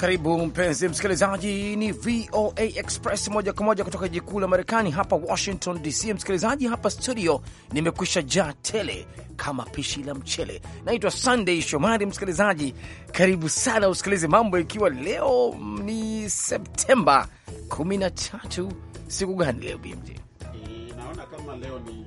Karibu mpenzi msikilizaji, ni VOA Express moja kwa moja kutoka jiji kuu la Marekani hapa Washington DC. Msikilizaji, hapa studio nimekwisha jaa tele kama pishi la mchele. Naitwa Sunday Shomari. Msikilizaji, karibu sana usikilize mambo, ikiwa leo ni Septemba 13. Siku gani leo BMJ? E, eh, naona kama leo ni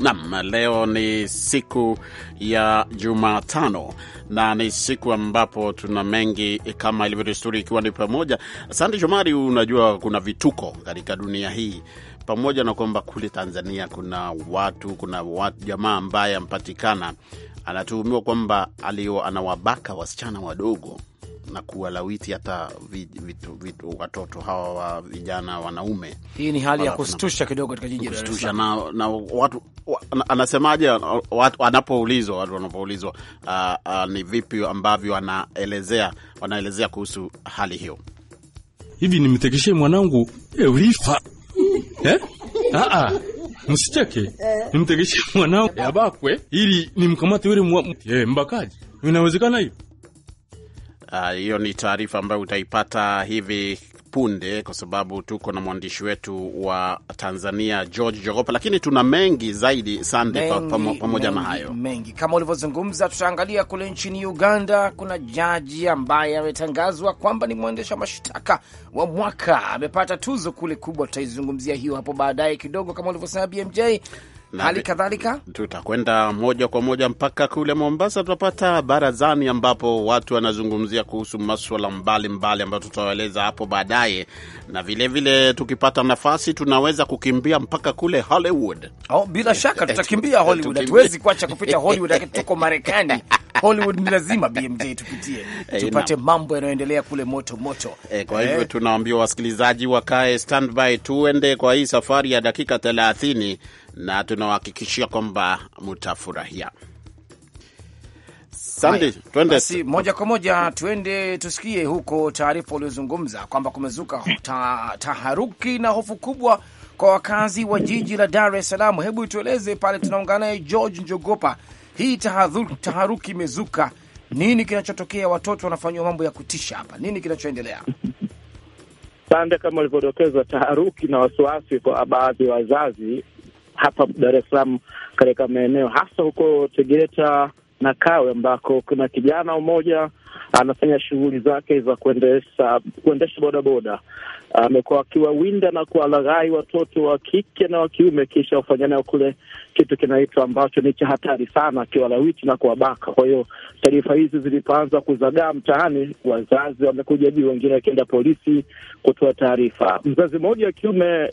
Nam, leo ni siku ya Jumatano na ni siku ambapo tuna mengi e, kama ilivyo desturi, ikiwa ni pamoja. Asante Shomari, unajua kuna vituko katika dunia hii, pamoja na kwamba kule Tanzania kuna watu kuna watu, jamaa ambaye ampatikana anatuhumiwa kwamba alio anawabaka wasichana wadogo na kuwalawiti hata watoto hawa wa vijana wanaume. Hii ni hali ya kustusha kidogo katika jiji la kustusha na, na watu anasemaje, wanapoulizwa watu wanapoulizwa uh, uh, ni vipi ambavyo wanaelezea wanaelezea kuhusu hali hiyo. Hivi nimtekeshe mwanangu eh, ulifa eh? Ah, ah. Msicheke, nimtekeshe mwanangu abakwe ili nimkamate yule eh, mbakaji, inawezekana hiyo? Ah, hiyo uh, ni taarifa ambayo utaipata hivi punde kwa sababu tuko na mwandishi wetu wa Tanzania George Jogopa, lakini tuna mengi zaidi sande pamoja na hayo mengi kama ulivyozungumza. Tutaangalia kule nchini Uganda, kuna jaji ambaye ametangazwa kwamba ni mwendesha mashtaka wa mwaka, amepata tuzo kule kubwa. Tutaizungumzia hiyo hapo baadaye kidogo, kama ulivyosema BMJ hali kadhalika tutakwenda moja kwa moja mpaka kule Mombasa, tutapata barazani, ambapo watu wanazungumzia kuhusu maswala mbalimbali ambayo tutawaeleza hapo baadaye, na vilevile vile tukipata nafasi tunaweza kukimbia mpaka kule Hollywood. Oh, bila shaka tutakimbia Hollywood, hatuwezi kuacha kupita Hollywood, lakini tuko Marekani. Hollywood ni lazima BMJ tupitie hey, eh, tupate na mambo yanayoendelea kule moto moto. Hey, eh, kwa hivyo hey, eh. tunaambia wasikilizaji wakae standby, tuende kwa hii safari ya dakika thelathini na tunawahakikishia kwamba mtafurahia. Basi moja kwa moja tuende tusikie huko taarifa uliozungumza kwamba kumezuka ta, taharuki na hofu kubwa kwa wakazi wa jiji la Dar es Salaam. Hebu tueleze pale, tunaungana naye George Njogopa. Hii taharuki imezuka, nini kinachotokea? Watoto wanafanyiwa mambo ya kutisha hapa, nini kinachoendelea? Sande, kama alivyodokeza, taharuki na wasiwasi kwa baadhi ya wazazi hapa Dar es Salaam katika maeneo hasa huko Tegeta na Kawe ambako kuna kijana mmoja anafanya shughuli zake za kuendesha kuendesha bodaboda. Amekuwa akiwawinda na kuwalaghai watoto wa kike na wa kiume, kisha hufanya nayo kule kitu kinaitwa ambacho ni cha hatari sana, akiwalawiti na kuwabaka. Kwa hiyo taarifa hizi zilipoanza kuzagaa mtaani, wazazi wamekuja juu, wengine wakienda polisi kutoa taarifa. Mzazi mmoja wa kiume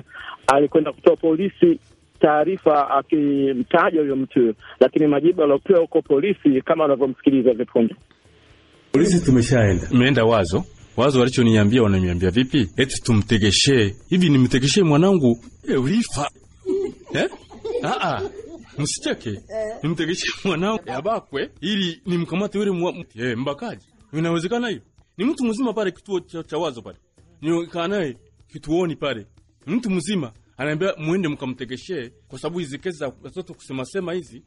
alikwenda kutoa polisi taarifa akimtaja huyo mtu, lakini majibu aliopewa huko polisi kama wanavyomsikiliza hivi punde. Polisi tumeshaenda, tumeenda wazo wazo walichoniambia, wananiambia vipi? Eti tumtegeshee hivi, nimtegeshee mwanangu? E, ulifa eh? Aa, ah, ah. msicheke, nimtegeshee mwanangu abakwe ili nimkamate yule mwa... e, mbakaji. Inawezekana hiyo? Ni mtu mzima pale kituo cha, cha wazo pale, nikaanaye kituoni pale, mtu mzima anaambia mwende mkamtegeshe, kwa sababu hizi kesi za watoto kusemasema hizi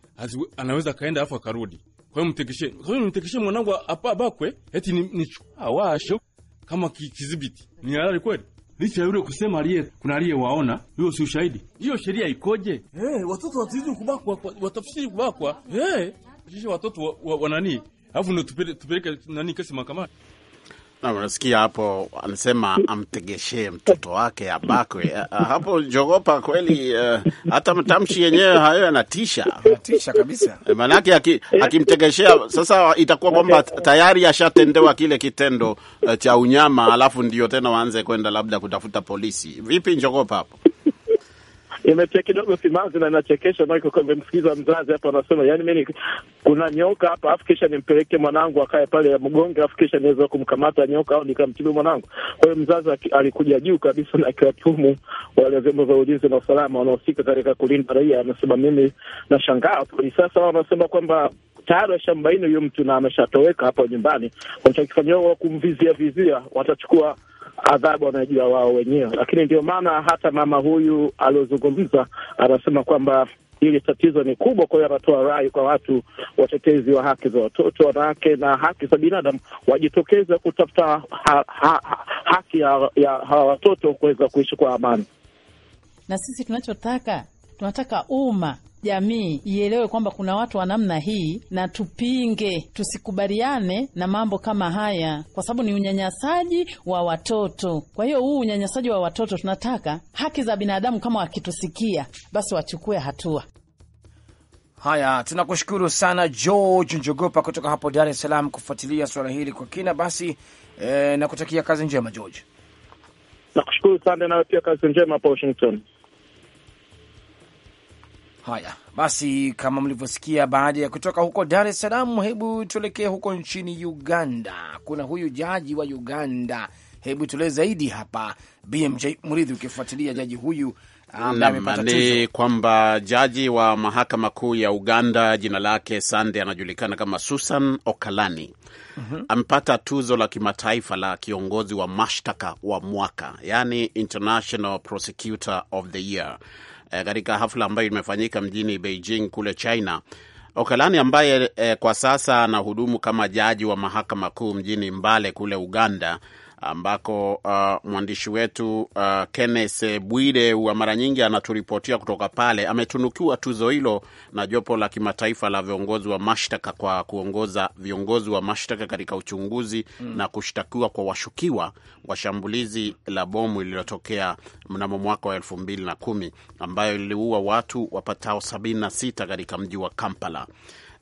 anaweza kaenda afu akarudi. Kwa hiyo mtegeshe, kwa hiyo mtekeshee mwanangu apa bakwe eti nichukua ah, washo kama kizibiti. Ni halali kweli? Licha yule kusema aliye kuna aliye waona, hiyo si ushahidi. Hiyo sheria ikoje? Hey, eh, watoto watizi kubakwa, watafsiri kubakwa. Hey, eh, watoto wa, wa, wa nani? Alafu ndo tupeleke nani kesi mahakamani? na unasikia hapo, anasema amtegeshee mtoto wake abakwe. Eh, eh, hapo jogopa kweli. Uh, hata matamshi yenyewe hayo yanatisha, yanatisha kabisa, maanake akimtegeshea sasa itakuwa kwamba tayari ashatendewa kile kitendo uh, cha unyama, alafu ndio tena waanze kwenda labda kutafuta polisi. Vipi njogopa hapo? imetia kidogo simanzi na inachekesha. Nimemsikiza mzazi hapa anasema, yani mimi kuna nyoka hapa, afu kisha nimpeleke mwanangu akae pale ya mgonge, afu kisha niweza kumkamata nyoka au nikamtibu mwanangu. Kwa hiyo mzazi alikuja juu kabisa na akiwatumu wale vyombo vya ulinzi na usalama wanaohusika katika kulinda raia. Anasema mimi nashangaa polisi sasa wanasema kwamba tayari washambaini huyo mtu na ameshatoweka hapo nyumbani, wanachokifanyia kumvizia vizia, watachukua adhabu wanajua wao wenyewe, lakini ndio maana hata mama huyu aliozungumza anasema kwamba hili tatizo ni kubwa. Kwa hiyo anatoa rai kwa watu watetezi wa haki za watoto, wanawake na haki za binadamu wajitokeze kutafuta ha, ha, haki ya hawa watoto kuweza kuishi kwa amani, na sisi tunachotaka tunataka umma jamii ielewe kwamba kuna watu wa namna hii, na tupinge, tusikubaliane na mambo kama haya, kwa sababu ni unyanyasaji wa watoto. Kwa hiyo huu unyanyasaji wa watoto, tunataka haki za binadamu, kama wakitusikia basi wachukue hatua. Haya, tunakushukuru sana George Njogopa kutoka hapo Dar es Salaam kufuatilia suala hili kwa kina. Basi eh, nakutakia kazi njema George. Nakushukuru sana, nawe pia kazi njema hapa Washington. Haya basi, kama mlivyosikia, baada ya kutoka huko Dar es Salaam, hebu tuelekee huko nchini Uganda. Kuna huyu jaji wa Uganda, hebu tulee zaidi hapa, BMJ Mridhi, ukifuatilia jaji huyu ni kwamba jaji wa mahakama kuu ya Uganda jina lake Sande anajulikana kama Susan Okalani mm -hmm. amepata tuzo la kimataifa la kiongozi wa mashtaka wa mwaka, yani International Prosecutor of the Year Eh, katika hafla ambayo imefanyika mjini Beijing kule China. Okelani ambaye eh, kwa sasa anahudumu kama jaji wa mahakama kuu mjini Mbale kule Uganda ambako uh, mwandishi wetu uh, Kenneth Bwire wa mara nyingi anaturipotia kutoka pale, ametunukiwa tuzo hilo na jopo la kimataifa la viongozi wa mashtaka kwa kuongoza viongozi wa mashtaka katika uchunguzi mm. na kushtakiwa kwa washukiwa wa shambulizi la bomu lililotokea mnamo mwaka wa elfu mbili na kumi ambayo liliua watu wapatao sabini na sita katika mji wa Kampala.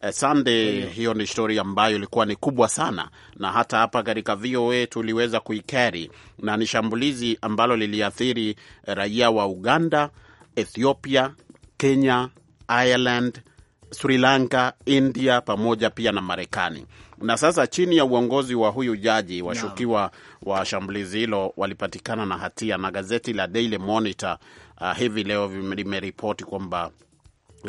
Eh, Sande, Hiyo. ni stori ambayo ilikuwa ni kubwa sana, na hata hapa katika VOA tuliweza kuikeri, na ni shambulizi ambalo liliathiri raia wa Uganda, Ethiopia, Kenya, Ireland, Sri Lanka, India pamoja pia na Marekani. Na sasa chini ya uongozi wa huyu jaji, washukiwa wa shambulizi hilo walipatikana na hatia, na gazeti la Daily Monitor uh, hivi leo limeripoti kwamba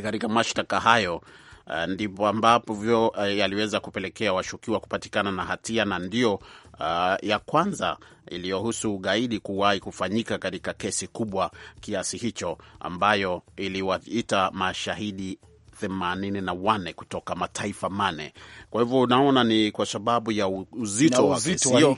katika mashtaka hayo uh, ndipo ambapo uh, yaliweza kupelekea washukiwa kupatikana na hatia na ndio Uh, ya kwanza iliyohusu ugaidi kuwahi kufanyika katika kesi kubwa kiasi hicho ambayo iliwaita mashahidi themanini na kutoka mataifa mane. Kwa hivyo unaona ni kwa sababu ya uzito wa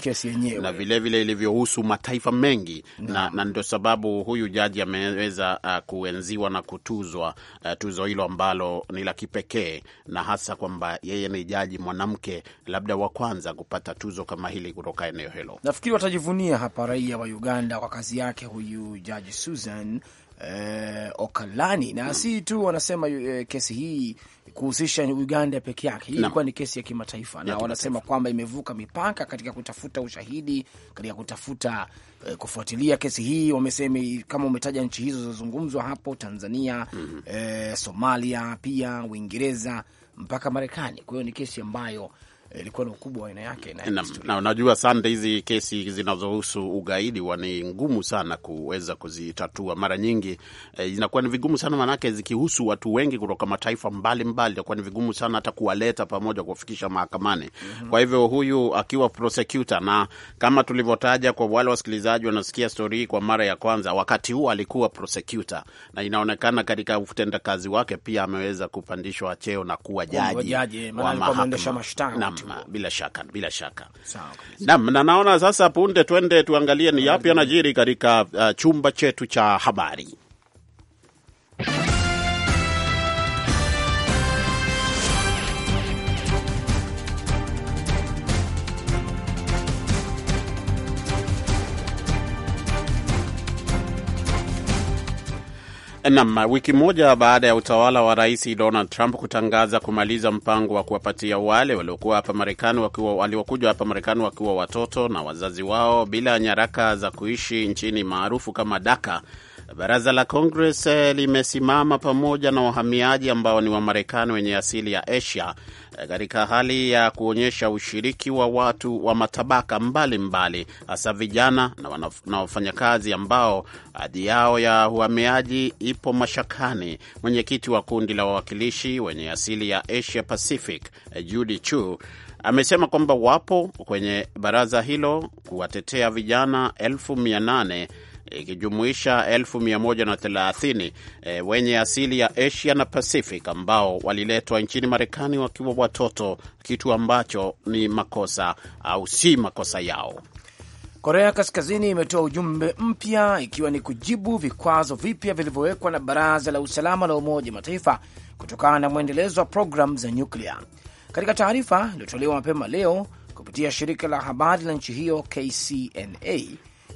kesi na vilevile ilivyohusu mataifa mengi na, na, na ndio sababu huyu jaji ameweza uh, kuenziwa na kutuzwa uh, tuzo hilo ambalo ni la kipekee na hasa kwamba yeye ni jaji mwanamke labda wa kwanza kupata tuzo kama hili kutoka eneo hilo. Nafikiri watajivunia hapa raia wa Uganda kwa kazi yake huyu jaji Susan eh, Okalani na si tu wanasema eh, kesi hii kuhusisha Uganda peke yake. Hii ilikuwa ni kesi ya kimataifa, na wanasema kwamba imevuka mipaka katika kutafuta ushahidi, katika kutafuta eh, kufuatilia kesi hii. Wamesema kama umetaja nchi hizo zilizozungumzwa hapo, Tanzania mm -hmm. eh, Somalia pia Uingereza mpaka Marekani. Kwa hiyo ni kesi ambayo ilikuwa ni ukubwa wa aina yake na, na unajua sande, hizi kesi zinazohusu ugaidi ni ngumu sana kuweza kuzitatua mara nyingi eh, inakuwa ni vigumu sana maanake, zikihusu watu wengi kutoka mataifa mbalimbali itakuwa mbali, ni vigumu sana hata kuwaleta pamoja kuwafikisha mahakamani mm -hmm. Kwa hivyo huyu akiwa prosecutor, na kama tulivyotaja kwa wale wasikilizaji wanasikia stori hii kwa mara ya kwanza, wakati huu alikuwa prosecutor, na inaonekana katika utendakazi wake pia ameweza kupandishwa cheo na kuwa jaji wa mahakama hatima. Mm. Bila shaka, bila shaka. Naam, na naona sasa punde twende tuangalie ni yapi yanajiri katika uh, chumba chetu cha habari Nam, wiki moja baada ya utawala wa Rais Donald Trump kutangaza kumaliza mpango wa kuwapatia wale waliokuwa hapa Marekani wakiwa waliokuja hapa Marekani wakiwa watoto na wazazi wao bila nyaraka za kuishi nchini maarufu kama DACA Baraza la Congress eh, limesimama pamoja na wahamiaji ambao ni Wamarekani wenye asili ya Asia eh, katika hali ya kuonyesha ushiriki wa watu wa matabaka mbalimbali hasa mbali, vijana na, na wafanyakazi ambao hadhi yao ya uhamiaji ipo mashakani. Mwenyekiti wa kundi la wawakilishi wenye asili ya Asia Pacific eh, Judy Chu amesema kwamba wapo kwenye baraza hilo kuwatetea vijana elfu mia nane ikijumuisha elfu mia moja na thelathini e, wenye asili ya Asia na Pacific ambao waliletwa nchini Marekani wakiwa watoto, kitu ambacho ni makosa au si makosa yao. Korea Kaskazini imetoa ujumbe mpya ikiwa ni kujibu vikwazo vipya vilivyowekwa na Baraza la Usalama la Umoja Mataifa kutokana na mwendelezo wa programu za nyuklia. Katika taarifa iliyotolewa mapema leo kupitia shirika la habari la nchi hiyo KCNA,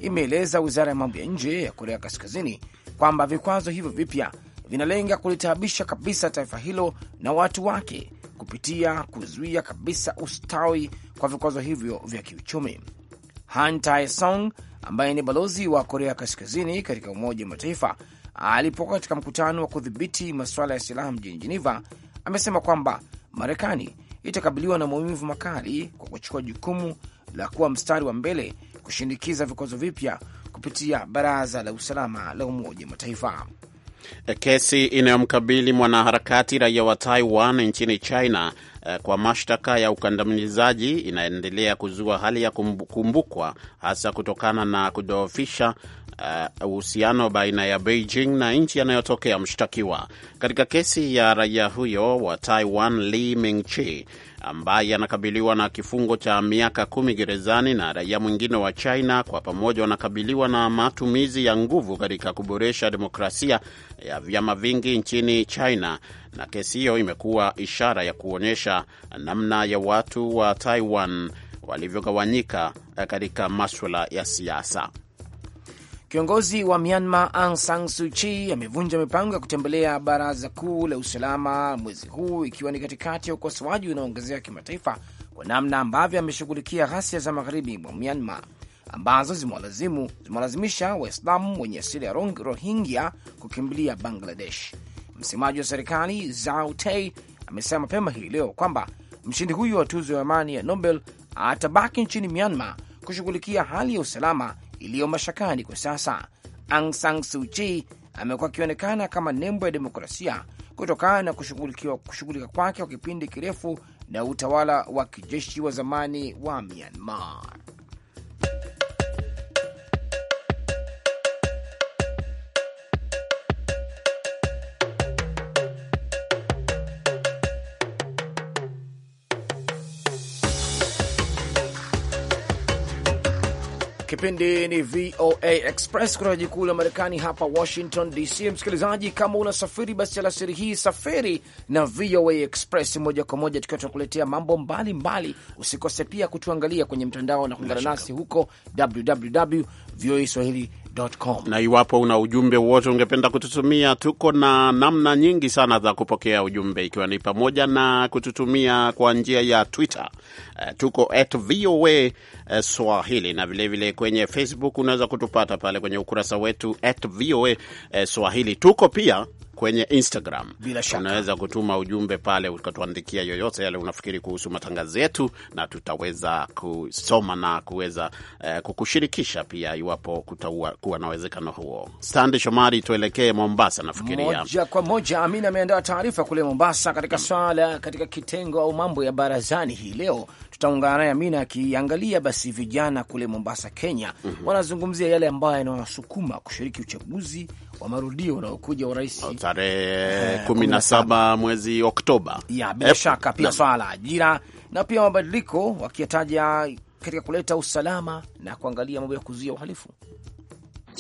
imeeleza wizara ya mambo ya nje ya Korea Kaskazini kwamba vikwazo hivyo vipya vinalenga kulitaabisha kabisa taifa hilo na watu wake kupitia kuzuia kabisa ustawi kwa vikwazo hivyo vya kiuchumi. Han Tae-song ambaye ni balozi wa Korea Kaskazini katika Umoja wa Mataifa alipokuwa katika mkutano wa kudhibiti masuala ya silaha mjini jeneva amesema kwamba Marekani itakabiliwa na maumivu makali kwa kuchukua jukumu la kuwa mstari wa mbele kushinikiza vikwazo vipya kupitia baraza la usalama la Umoja wa Mataifa. Kesi inayomkabili mwanaharakati raia wa Taiwan nchini China eh, kwa mashtaka ya ukandamizaji inaendelea kuzua hali ya kumbukwa, hasa kutokana na kudhoofisha eh, uhusiano baina ya Beijing na nchi yanayotokea mshtakiwa. Katika kesi ya raia huyo wa Taiwan Li Mingchi, ambaye anakabiliwa na kifungo cha miaka kumi gerezani na raia mwingine wa China, kwa pamoja wanakabiliwa na matumizi ya nguvu katika kuboresha demokrasia ya vyama vingi nchini China, na kesi hiyo imekuwa ishara ya kuonyesha namna ya watu wa Taiwan walivyogawanyika katika maswala ya siasa. Kiongozi wa Myanmar Aung San Suu Kyi amevunja mipango ya kutembelea baraza kuu la usalama mwezi huu, ikiwa ni katikati ya ukosoaji unaoongezea kimataifa kwa namna ambavyo ameshughulikia ghasia za magharibi mwa Myanmar ambazo zimewalazimisha Waislamu wenye asili ya Rohingya kukimbilia Bangladesh. Msemaji wa serikali Zau amesema mapema hii leo kwamba mshindi huyu wa tuzo ya amani ya Nobel atabaki nchini Myanmar kushughulikia hali ya usalama iliyo mashakani kwa sasa. Aung San Suu Kyi amekuwa akionekana kama nembo ya demokrasia kutokana na kushughulika kwake kwa kipindi kirefu na utawala wa kijeshi wa zamani wa Myanmar. Kipindi ni VOA Express kutoka jiji kuu la Marekani hapa Washington DC. Msikilizaji, kama unasafiri basi alasiri hii safiri na VOA Express moja kwa moja, tukiwa tunakuletea mambo mbalimbali. Usikose pia kutuangalia kwenye mtandao na kuungana nasi huko www voa swahili gmail.com. Na iwapo una ujumbe wote ungependa kututumia, tuko na namna nyingi sana za kupokea ujumbe, ikiwa ni pamoja na kututumia kwa njia ya Twitter. Uh, tuko at VOA eh, Swahili na vilevile vile kwenye Facebook unaweza kutupata pale kwenye ukurasa wetu at VOA eh, Swahili. Tuko pia kwenye Instagram. Bila shaka unaweza kutuma ujumbe pale ukatuandikia yoyote yale unafikiri kuhusu matangazo yetu, na tutaweza kusoma na kuweza eh, kukushirikisha pia, iwapo kutakuwa na uwezekano huo. Sande Shomari, tuelekee Mombasa nafikiria moja kwa moja. Amina ameandaa taarifa kule Mombasa katika mm. swala katika kitengo au mambo ya barazani hii leo tutaungana naye Amina akiangalia basi vijana kule Mombasa, Kenya, mm -hmm. wanazungumzia yale ambayo yanawasukuma kushiriki uchaguzi wa marudio unaokuja urais oh, tarehe eh, kumi na saba mwezi Oktoba. ya Bila shaka pia swala la ajira na pia mabadiliko wakiyataja katika kuleta usalama na kuangalia mambo ya kuzuia uhalifu.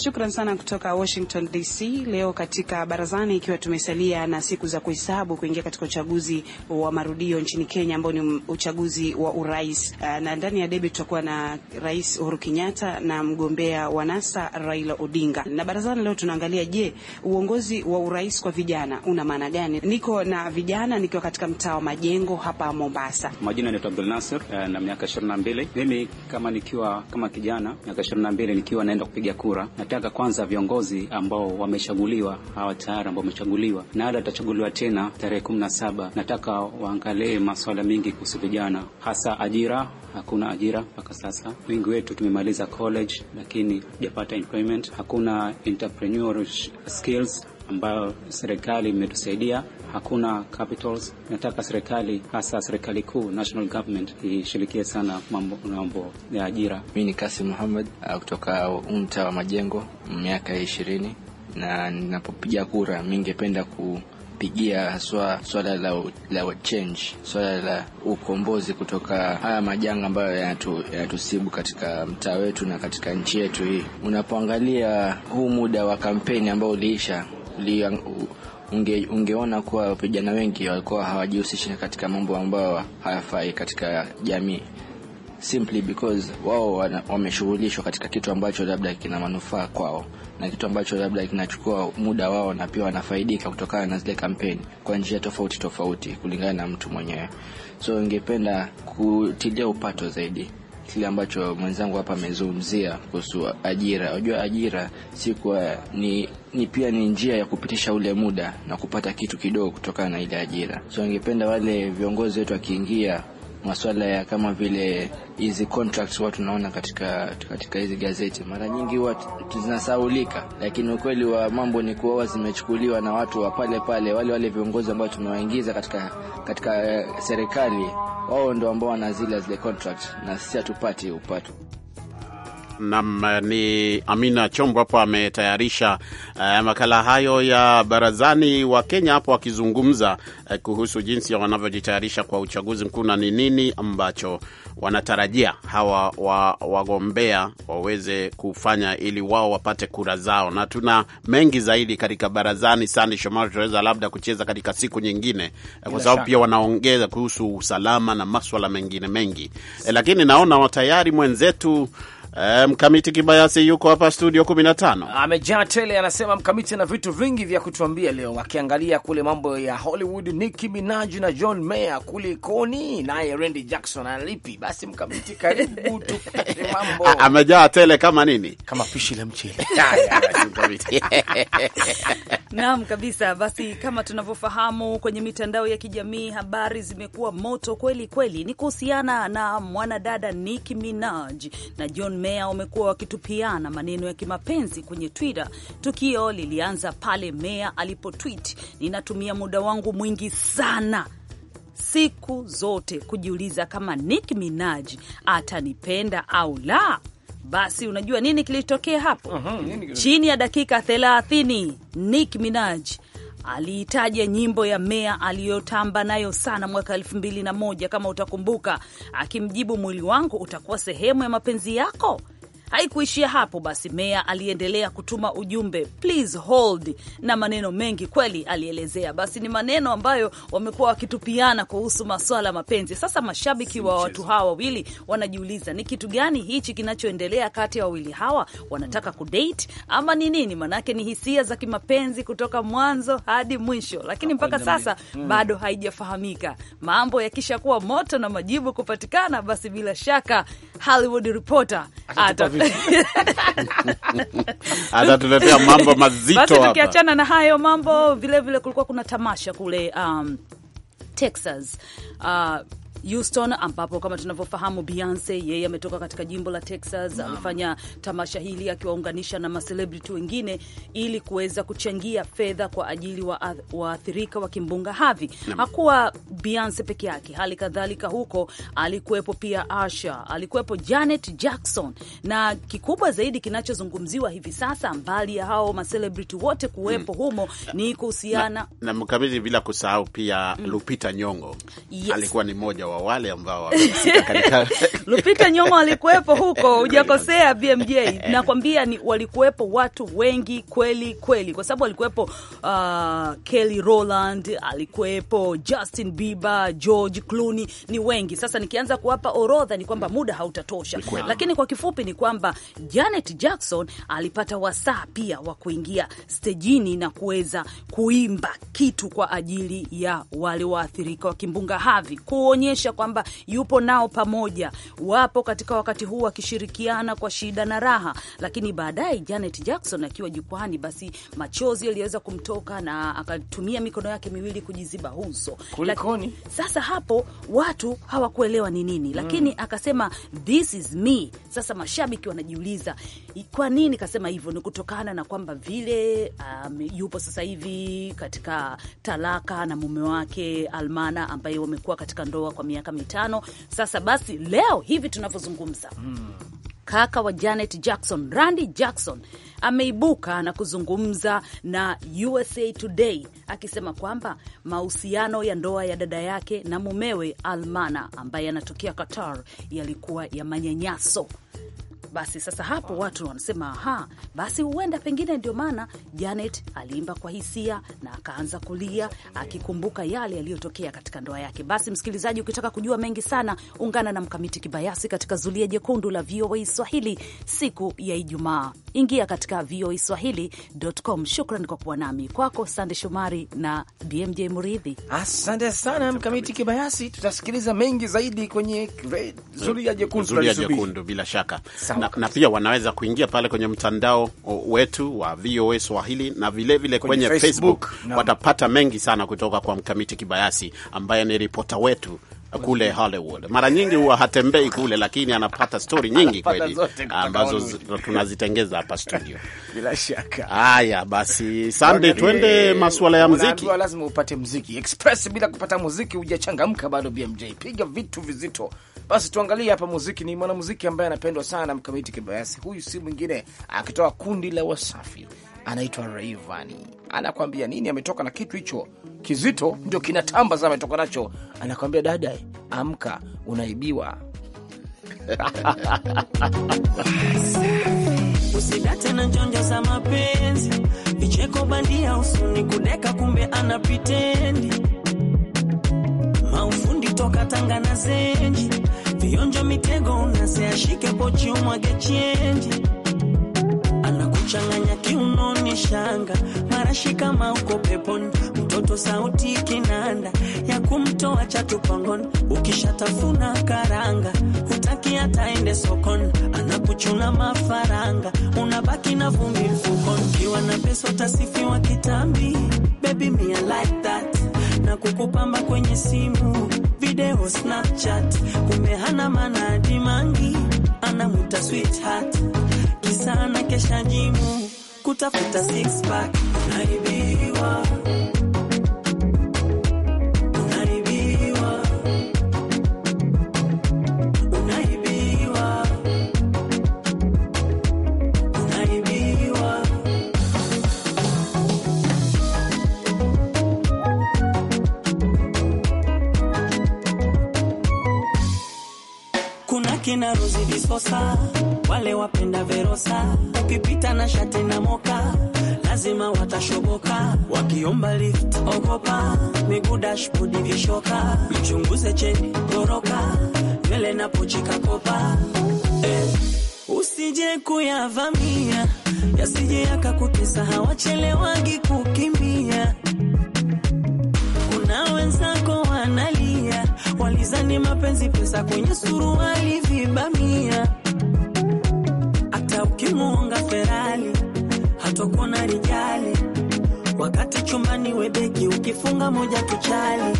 Shukran sana kutoka Washington DC. Leo katika barazani, ikiwa tumesalia na siku za kuhesabu kuingia katika uchaguzi wa marudio nchini Kenya ambao ni uchaguzi wa urais, ah, na ndani ya debe tutakuwa na Rais Uhuru Kenyatta na mgombea wa NASA Raila Odinga. Na barazani leo tunaangalia, je, uongozi wa urais kwa vijana una maana gani? Niko na vijana nikiwa katika mtaa wa Majengo hapa Mombasa. Majina yanaitwa Abdul Nasir eh, na miaka mbili Mimi kama nikiwa kama kijana miaka mbili nikiwa naenda kupiga kura na tunataka kwanza viongozi ambao wamechaguliwa hawa tayari ambao wamechaguliwa na hada atachaguliwa tena tarehe kumi na saba, nataka waangalie maswala mengi kuhusu vijana, hasa ajira. Hakuna ajira mpaka sasa. Wengi wetu tumemaliza college, lakini japata employment. Hakuna entrepreneurial skills ambayo serikali imetusaidia hakuna capitals. Nataka serikali hasa serikali kuu national government ishirikie sana mambo, mambo ya ajira. Mimi ni Kasim Muhammad uh, kutoka umta wa majengo, miaka ishirini, na ninapopiga kura ningependa ku pigia haswa swala la, la change swala la ukombozi kutoka haya majanga ambayo yanatusibu katika mtaa wetu na katika nchi yetu hii. Unapoangalia huu muda wa kampeni ambao uliisha uli, unge, ungeona kuwa vijana wengi walikuwa hawajihusishi katika mambo ambayo hayafai katika jamii simply because wao wameshughulishwa katika kitu ambacho labda kina manufaa kwao na kitu ambacho labda kinachukua muda wao na pia wanafaidika kutokana na zile kampeni kwa njia tofauti tofauti kulingana na mtu mwenyewe so ingependa kutilia upato zaidi kile ambacho mwenzangu hapa amezungumzia kuhusu ajira. Unajua, ajira si kwa ni ni pia ni njia ya kupitisha ule muda na kupata kitu kidogo kutokana na ile ajira. So ningependa wale viongozi wetu wakiingia masuala ya kama vile hizi contracts huwa tunaona katika katika hizi gazeti mara nyingi huwa zinasaulika, lakini ukweli wa mambo ni kuwa zimechukuliwa na watu wa pale pale, wale wale viongozi ambao tumewaingiza katika katika eh, serikali wao ndo ambao wana zile zile contract na sisi hatupati upato. Nam eh, ni Amina Chombo hapo ametayarisha uh, makala hayo ya barazani wa Kenya hapo akizungumza uh, kuhusu jinsi wanavyojitayarisha kwa uchaguzi mkuu na ni nini ambacho wanatarajia hawa wa, wagombea waweze kufanya ili wao wapate kura zao, na tuna mengi zaidi katika barazani. Sande Shomari, tunaweza labda kucheza katika siku nyingine, kwa sababu pia wanaongeza kuhusu usalama na maswala mengine mengi lakini naona tayari mwenzetu Eh, mkamiti Kibayasi yuko hapa studio 15 amejaa tele, anasema mkamiti ana vitu vingi vya kutuambia leo, wakiangalia kule mambo ya Hollywood, Nicki Minaj na John Mayer kulikoni, naye Randy Jackson analipi? Basi mkamiti, karibu tupate mambo. Amejaa tele kama nini, kama pishi la mchele Naam kabisa. Basi kama tunavyofahamu kwenye mitandao ya kijamii, habari zimekuwa moto kweli kweli, ni kuhusiana na mwanadada Nicki Minaj na John Mea wamekuwa wakitupiana maneno ya kimapenzi kwenye Twitter. Tukio lilianza pale Mea alipotweet, ninatumia muda wangu mwingi sana siku zote kujiuliza kama Nicki Minaj atanipenda au la. Basi unajua nini kilitokea hapo? Aha, nini? Chini ya dakika 30 Nicki Minaj aliitaja nyimbo ya Mea aliyotamba nayo sana mwaka elfu mbili na moja kama utakumbuka, akimjibu mwili wangu utakuwa sehemu ya mapenzi yako Haikuishia hapo basi, meya aliendelea kutuma ujumbe please hold na maneno mengi kweli alielezea. Basi ni maneno ambayo wamekuwa wakitupiana kuhusu maswala ya mapenzi. Sasa mashabiki wa watu hawa wawili wanajiuliza ni kitu gani hichi kinachoendelea kati ya wawili hawa, wanataka kudate ama ni nini? Manake ni hisia za kimapenzi kutoka mwanzo hadi mwisho, lakini mpaka sasa hmm. bado haijafahamika. Mambo yakishakuwa moto na majibu kupatikana, basi bila shaka Hollywood Reporter atatuletea mambo mazito hapa. Basi tukiachana na hayo mambo, vilevile kulikuwa kuna tamasha kule um, Texas uh, Houston ambapo kama tunavyofahamu Beyonce yeye ametoka katika jimbo la Texas Mama. Amefanya tamasha hili akiwaunganisha na macelebrity wengine ili kuweza kuchangia fedha kwa ajili wa waathirika wa, wa kimbunga Harvey. Hakuwa Beyonce peke yake, hali kadhalika huko alikuwepo pia Asha, alikuwepo Janet Jackson, na kikubwa zaidi kinachozungumziwa hivi sasa mbali ya hao macelebrity wote kuwepo mm. humo ni kuhusiana na, na mkabidhi bila kusahau pia mm. Lupita Nyong'o yes. alikuwa ni moja wa wale ambao katika Lupita Nyong'o walikuwepo huko, hujakosea BMJ, nakwambia ni walikuwepo watu wengi kweli kweli, kwa sababu alikuwepo uh, Kelly Rowland, alikuwepo Justin Bieber, George Clooney, ni wengi. Sasa nikianza kuwapa orodha ni kwamba muda hautatosha, lakini kwa kifupi ni kwamba Janet Jackson alipata wasaa pia wa kuingia stejini na kuweza kuimba kitu kwa ajili ya wale waathirika wa kimbunga Harvey kuonyesha kuonyesha kwamba yupo nao pamoja, wapo katika wakati huu wakishirikiana kwa shida na raha. Lakini baadaye Janet Jackson akiwa jukwani, basi machozi yaliweza kumtoka na akatumia mikono yake miwili kujiziba uso. Lakini Sasa hapo watu hawakuelewa ni nini, hmm. lakini mm, akasema this is me. Sasa mashabiki wanajiuliza kwa nini kasema hivyo, ni kutokana na kwamba vile um, yupo sasa hivi katika talaka na mume wake Almana ambaye wamekuwa katika ndoa kwa miaka mitano sasa. Basi leo hivi tunavyozungumza mm. Kaka wa Janet Jackson, Randy Jackson ameibuka na kuzungumza na USA Today akisema kwamba mahusiano ya ndoa ya dada yake na mumewe Almana ambaye anatokea Qatar yalikuwa ya manyanyaso basi sasa hapo watu wanasema aha, basi huenda pengine ndio maana Janet aliimba kwa hisia na akaanza kulia akikumbuka yale yaliyotokea katika ndoa yake. Basi msikilizaji, ukitaka kujua mengi sana, ungana na Mkamiti Kibayasi katika Zulia Jekundu la VOA Swahili siku ya Ijumaa ingia katika voaswahili.com. Shukran kwa kuwa nami kwako, Sande Shomari na BMJ Muridhi. Asante sana Mkamiti Kibayasi. Tutasikiliza mengi zaidi kwenye zulia jekundu bila shaka na, na pia wanaweza kuingia pale kwenye mtandao wetu wa VOA Swahili na vilevile vile kwenye, kwenye Facebook, Facebook. No. Watapata mengi sana kutoka kwa Mkamiti Kibayasi ambaye ni ripota wetu kule Hollywood. Mara nyingi huwa hatembei kule, lakini anapata stori nyingi kweli ambazo tunazitengeza hapa studio. Bila shaka. Haya basi, Sunday, twende eh, masuala ya muziki. Lazima upate muziki express, bila kupata muziki hujachangamka bado. BMJ, piga vitu vizito. Basi tuangalie hapa muziki. Ni mwanamuziki ambaye anapendwa sana mkamiti kibayasi, huyu si mwingine akitoa kundi la Wasafi anaitwa Rayvanny. Anakwambia nini? Ametoka na kitu hicho kizito, ndio kinatamba sana, ametoka nacho. Anakwambia dada, amka, unaibiwa usidate na njonjo za mapenzi, vicheko bandia usuni kudeka, kumbe anapitendi maufundi toka Tanga na Zenji, vionjo mitego unase, pochi umwage chenji changanya kiunoni shanga marashi kama uko peponi mtoto sauti kinanda ya kumtoa chatupangoni ukishatafuna karanga hutaki ataende sokoni anakuchuna mafaranga unabaki na vumbi mfukoni ukiwa na pesa utasifiwa kitambi baby me I like that na kukupamba kwenye simu video Snapchat kumehana manadi mangi anamuta sweetheart sana kesha jimu kutafuta six pack naibiwa kudosa, ukipita na shati na moka, lazima watashoboka. Wakiomba lift ogopa, miguu dashboard vishoka, mchunguze cheni toroka, nywele na pochi kakopa eh, usije kuyavamia yasije yakakutesa, hawachelewagi kukimbia. Kuna wenzako wanalia, walizani mapenzi pesa kwenye suruali vibamia Muunga Ferali hatokuwa na rijali, wakati chumbani webeki ukifunga moja tuchali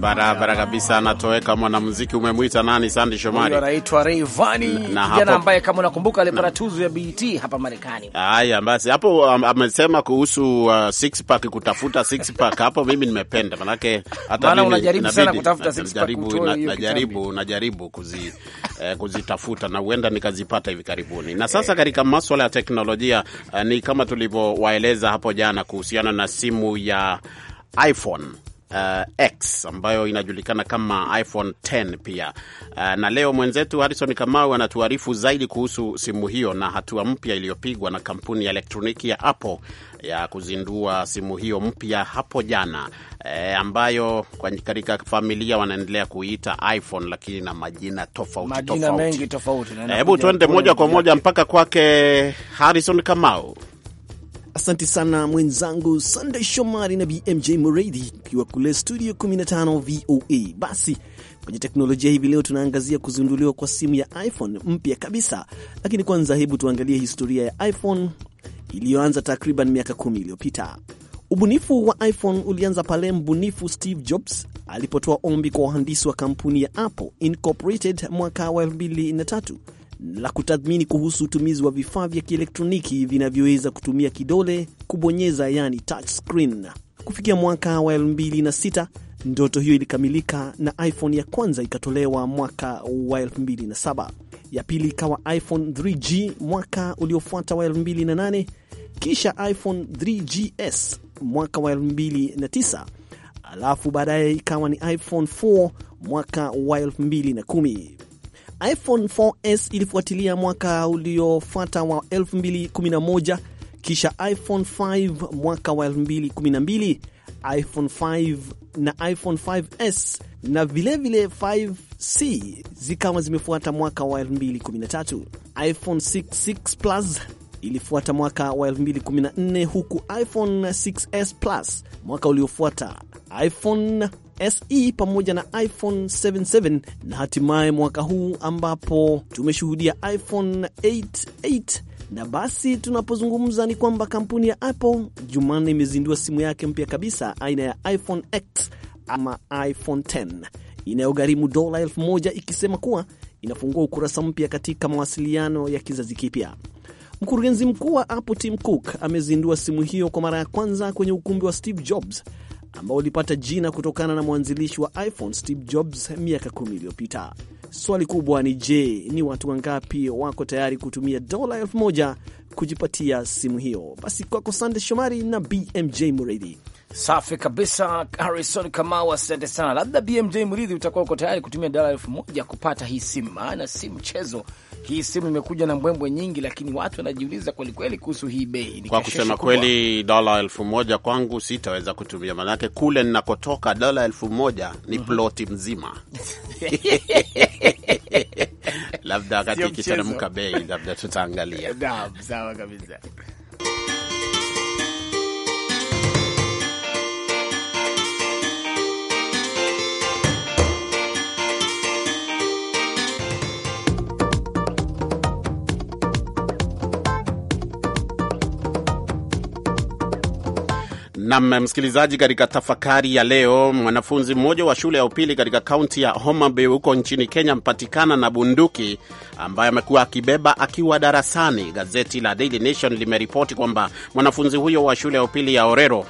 barabara kabisa, anatoweka mwanamuziki. Umemwita nani? Sandi Shomari anaitwa Rayvanny, kijana ambaye kama unakumbuka alipata tuzo ya BET hapa Marekani. Haya basi, hapo um, amesema kuhusu uh, six pack, kutafuta six pack hapo mimi nimependa, manake hata mimi unajaribu sana kutafuta six pack, najaribu najaribu kuzi eh, kuzitafuta na huenda nikazipata hivi karibuni. Na sasa katika masuala ya teknolojia eh, ni kama tulivyowaeleza hapo jana kuhusiana na simu ya iPhone uh, X ambayo inajulikana kama iPhone 10 pia. Uh, na leo mwenzetu Harrison Kamau anatuarifu zaidi kuhusu simu hiyo na hatua mpya iliyopigwa na kampuni ya elektroniki ya Apple ya kuzindua simu hiyo mpya hapo jana, e, ambayo katika familia wanaendelea kuiita iPhone lakini na majina tofauti majina tofauti mengi tofauti. Hebu tuende moja kwa moja mpaka kwake Harrison Kamau. Asante sana mwenzangu sandey Shomari na BMJ Mureithi ukiwa kule studio 15 VOA. Basi kwenye teknolojia hivi leo tunaangazia kuzinduliwa kwa simu ya iPhone mpya kabisa, lakini kwanza, hebu tuangalie historia ya iPhone iliyoanza takriban miaka kumi iliyopita. Ubunifu wa iPhone ulianza pale mbunifu Steve Jobs alipotoa ombi kwa wahandisi wa kampuni ya Apple Incorporated mwaka wa 2003 la kutathmini kuhusu utumizi wa vifaa vya kielektroniki vinavyoweza kutumia kidole kubonyeza, yani touch screen. Kufikia mwaka wa 2006 ndoto hiyo ilikamilika na iPhone ya kwanza ikatolewa mwaka wa 2007, ya pili ikawa iPhone 3G mwaka uliofuata wa 2008, kisha iPhone 3GS mwaka wa 2009, alafu baadaye ikawa ni iPhone 4 mwaka wa 2010 iPhone 4S ilifuatilia mwaka uliofuata wa 2011, kisha iPhone 5 mwaka wa 2012, iPhone 5 na iPhone 5S na vilevile 5C zikawa zimefuata mwaka wa 2013. iPhone 6, 6 Plus ilifuata mwaka wa 2014, huku iPhone 6S Plus mwaka uliofuata iPhone SE pamoja na iPhone 77 na hatimaye mwaka huu ambapo tumeshuhudia iPhone 88 na basi tunapozungumza ni kwamba kampuni ya Apple Jumanne imezindua simu yake mpya kabisa aina ya iPhone X ama iPhone 10 inayogharimu dola elfu moja ikisema kuwa inafungua ukurasa mpya katika mawasiliano ya kizazi kipya. Mkurugenzi mkuu wa Apple Tim Cook amezindua simu hiyo kwa mara ya kwanza kwenye ukumbi wa Steve Jobs ambao ulipata jina kutokana na mwanzilishi wa iPhone Steve Jobs miaka kumi iliyopita. Swali kubwa ni je, ni watu wangapi wako tayari kutumia dola elfu moja kujipatia simu hiyo? Basi kwako Sande Shomari na BMJ Muridhi. Safi kabisa, Harrison Kamau, asante sana. Labda BMJ Muridhi, utakuwa uko tayari kutumia dola elfu moja kupata hii simu? Maana si mchezo hii simu imekuja na mbwembwe nyingi, lakini watu wanajiuliza kwelikweli kuhusu hii bei. Kwa kusema kweli, dola elfu moja kwangu sitaweza kutumia, maanake kule ninakotoka dola elfu moja ni mm -hmm. ploti mzima labda wakati ikiteremka bei, labda tutaangalia. Sawa kabisa. Nam msikilizaji, katika tafakari ya leo, mwanafunzi mmoja wa shule ya upili katika kaunti ya Homa Bay huko nchini Kenya mpatikana na bunduki ambaye amekuwa akibeba akiwa darasani. Gazeti la Daily Nation limeripoti kwamba mwanafunzi huyo wa shule ya upili ya Orero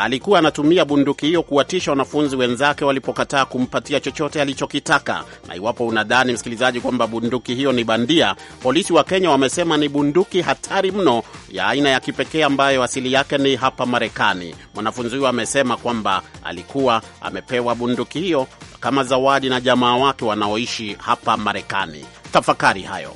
alikuwa anatumia bunduki hiyo kuwatisha wanafunzi wenzake walipokataa kumpatia chochote alichokitaka. Na iwapo unadhani msikilizaji, kwamba bunduki hiyo ni bandia, polisi wa Kenya wamesema ni bunduki hatari mno ya aina ya kipekee ambayo asili yake ni hapa Marekani nyumbani. Mwanafunzi huyo amesema kwamba alikuwa amepewa bunduki hiyo kama zawadi na jamaa wake wanaoishi hapa Marekani. Tafakari hayo.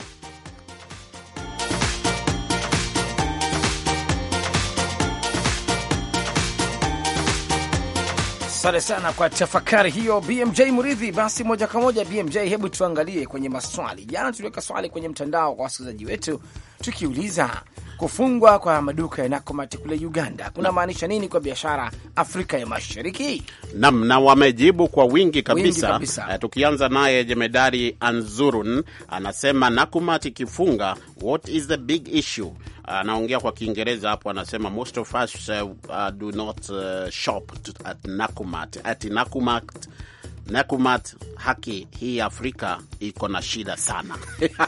Asante sana kwa tafakari hiyo BMJ mridhi Basi moja kwa moja BMJ, hebu tuangalie kwenye maswali. Jana tuliweka swali kwenye mtandao kwa wasikilizaji wetu tukiuliza, kufungwa kwa maduka ya Nakumatt kule Uganda kuna maanisha nini kwa biashara Afrika ya Mashariki? Nam, na wamejibu kwa wingi kabisa, wingi kabisa. Eh, tukianza naye Jemedari Anzurun anasema Nakumatt ikifunga, what is the big issue? Anaongea kwa Kiingereza hapo, anasema most of us eh, uh, do not uh, shop at Nakumatt, at Nakumatt Nekumat, haki hii Afrika iko na shida sana.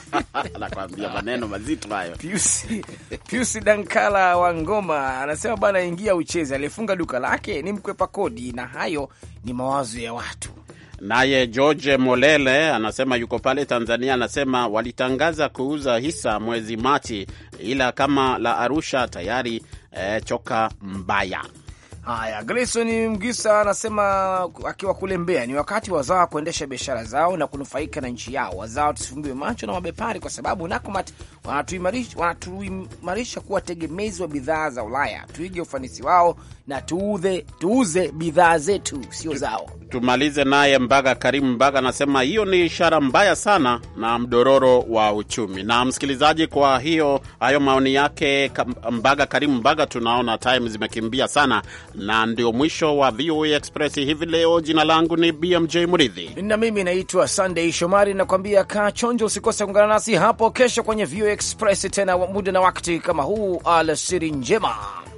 Anakwambia maneno mazito hayo. Piusi, Piusi Dankala wa Ngoma anasema bana, ingia uchezi. Aliyefunga duka lake ni mkwepa kodi, na hayo ni mawazo ya watu. Naye George Molele anasema yuko pale Tanzania, anasema walitangaza kuuza hisa mwezi Machi, ila kama la Arusha tayari eh, choka mbaya Haya, Grayson Mgisa anasema akiwa kule Mbeya, ni wakati wazawa kuendesha biashara zao na kunufaika na nchi yao. Wazawa tusifumbiwe macho na mabepari, kwa sababu NACOMAT wanatuimarisha, wanatuimarisha kuwa tegemezi wa bidhaa za Ulaya. Tuige ufanisi wao na tuuze, tuuze bidhaa zetu, sio zao. Tumalize naye Mbaga Karimu Mbaga anasema hiyo ni ishara mbaya sana na mdororo wa uchumi. Na msikilizaji, kwa hiyo hayo maoni yake Mbaga Karimu Mbaga, tunaona time zimekimbia sana na ndio mwisho wa VOA Express hivi leo. Jina langu ni BMJ Muridhi na mimi naitwa Sunday Shomari, nakwambia kaa chonjo, usikose kuungana nasi hapo kesho kwenye VOA Express tena muda na wakati kama huu. Alasiri njema.